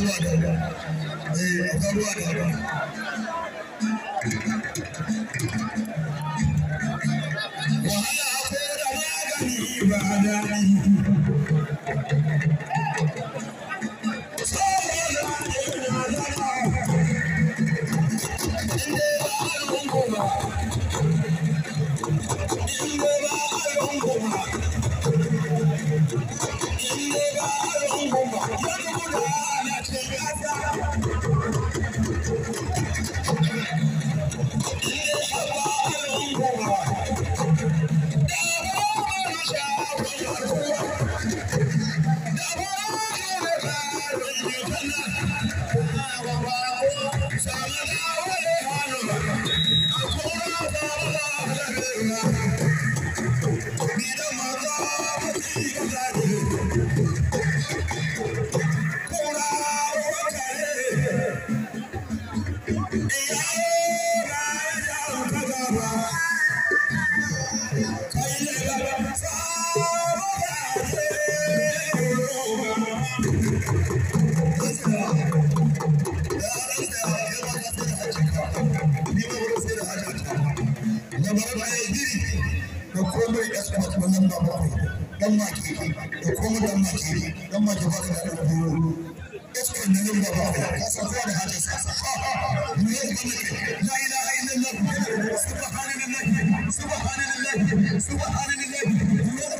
ruwa Thank you. ni ma wurin sai da haja ta da ba ya giri da komai da su masu wannan ba ba dan ma ke da komai dan ma ke dan ma ke ba ka da ɗan iskar da nan ba ba ka san da sa sa ni ya la ilaha illallah subhanallahi subhanallahi subhanallahi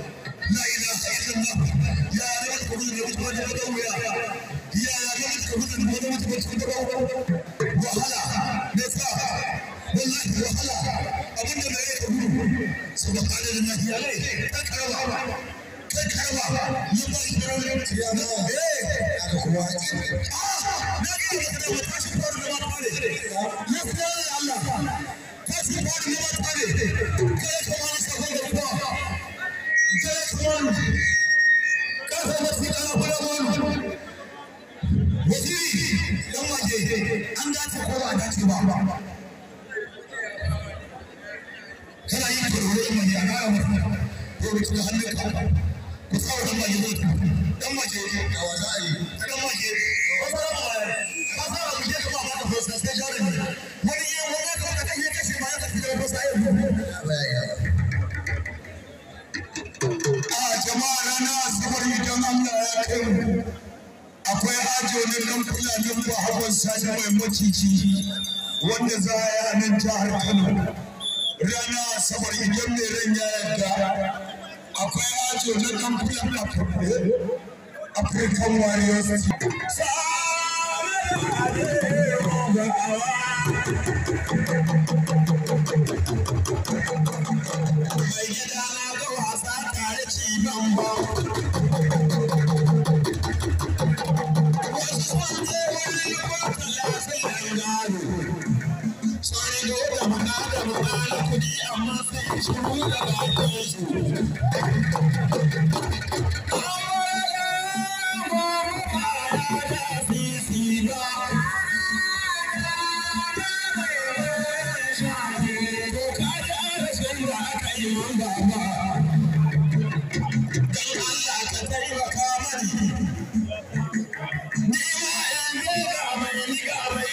wahala ne sa wallahi wahala abin da mai yake gudu karaba karaba yi ba ya ma aka kuma ah na ga da kada wata fara da mata ne ya fi Allah ta fara da mata ne kai kuma da kuma kai kuma an dace ko ba a dace ba kana yin kurkure in mace a gaya mata ko bi tuka hannun ka ko tsawo dan mace dan mace yawa za a yi macici wanda za a yi nan jihar Kano rana asabar idan mai ran ya yarda akwai ajo na dan filan African Warriors team.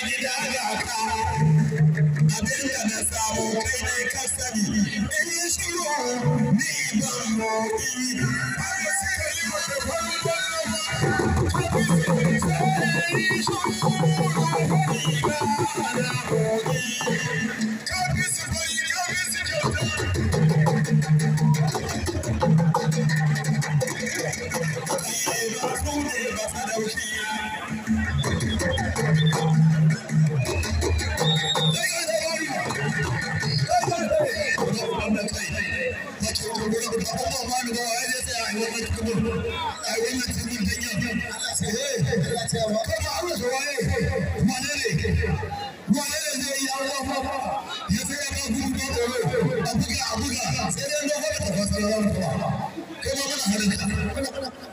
gida daga ka abin da na samu kai ne ka sani in yi shiru ni ban motsi har sai ka yi mata wani ba wai zai tsaya a yi wannan kabur a yi wannan kabur dan yau Allah sai he Allah sai ba kai ne Allah ne ne zai yi ba ya sai ba ku ba tsoro a buga a buga sai dai na fara ta fasa ran ku kai ba kana harinka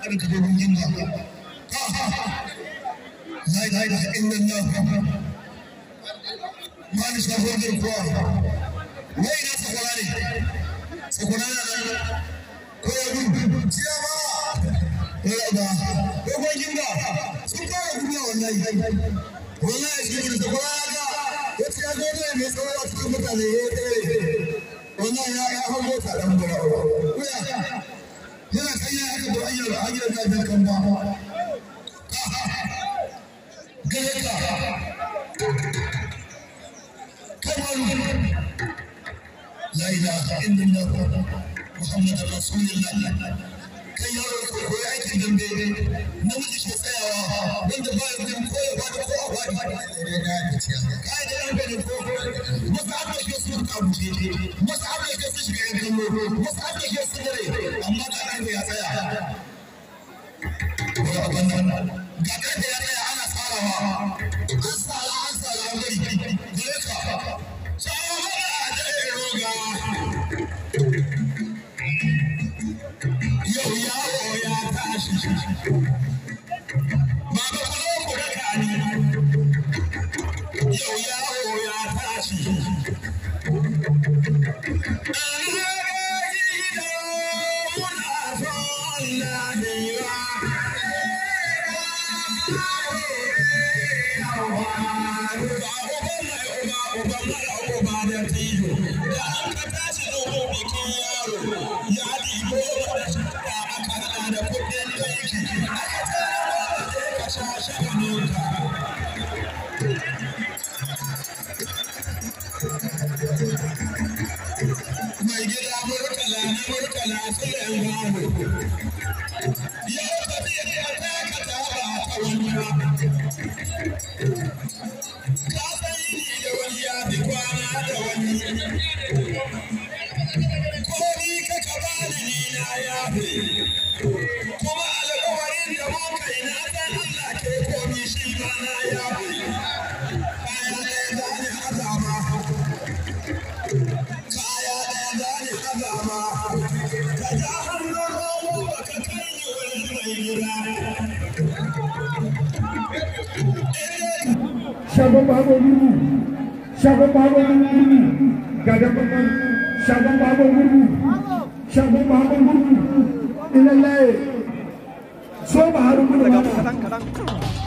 kana ka dogon yin ba la ilaha illallah ma ni shafo wai na sakwara ne na wallahi shi ne da kowa ga ya ce ya zo mai tsawo a cikin mutane ya tsaye ya dan bura kuya yana kai ya aka da ayyar da ba Muhammad Rasulullah kai yaro ka koyi aikin dambe namiji ke tsayawa wanda ba ya zai ko ba da ko a faɗi kai da yan gani ko wasu abin ke su ka guje wasu abin ke su shiga yan kallo masa abin ke su dare amma ga nan ya tsaya wani abin nan ga kan ya tsaya ana tsarawa an tsara an tsara an bari da ya da an ka tashi ɗaukar bikin yaro ya ɗibo da shakka akalla da kuɗin aiki aka tara ba da ka sha sha'aninka mai gida murtala na murtala sulen gano yau tafiyar ta ka taba ta wani Siapa bawa guru? Siapa bawa guru ni? Gak dapat bawa guru. Siapa bawa guru? Siapa bawa guru? Inilah. Semua harus berbalas.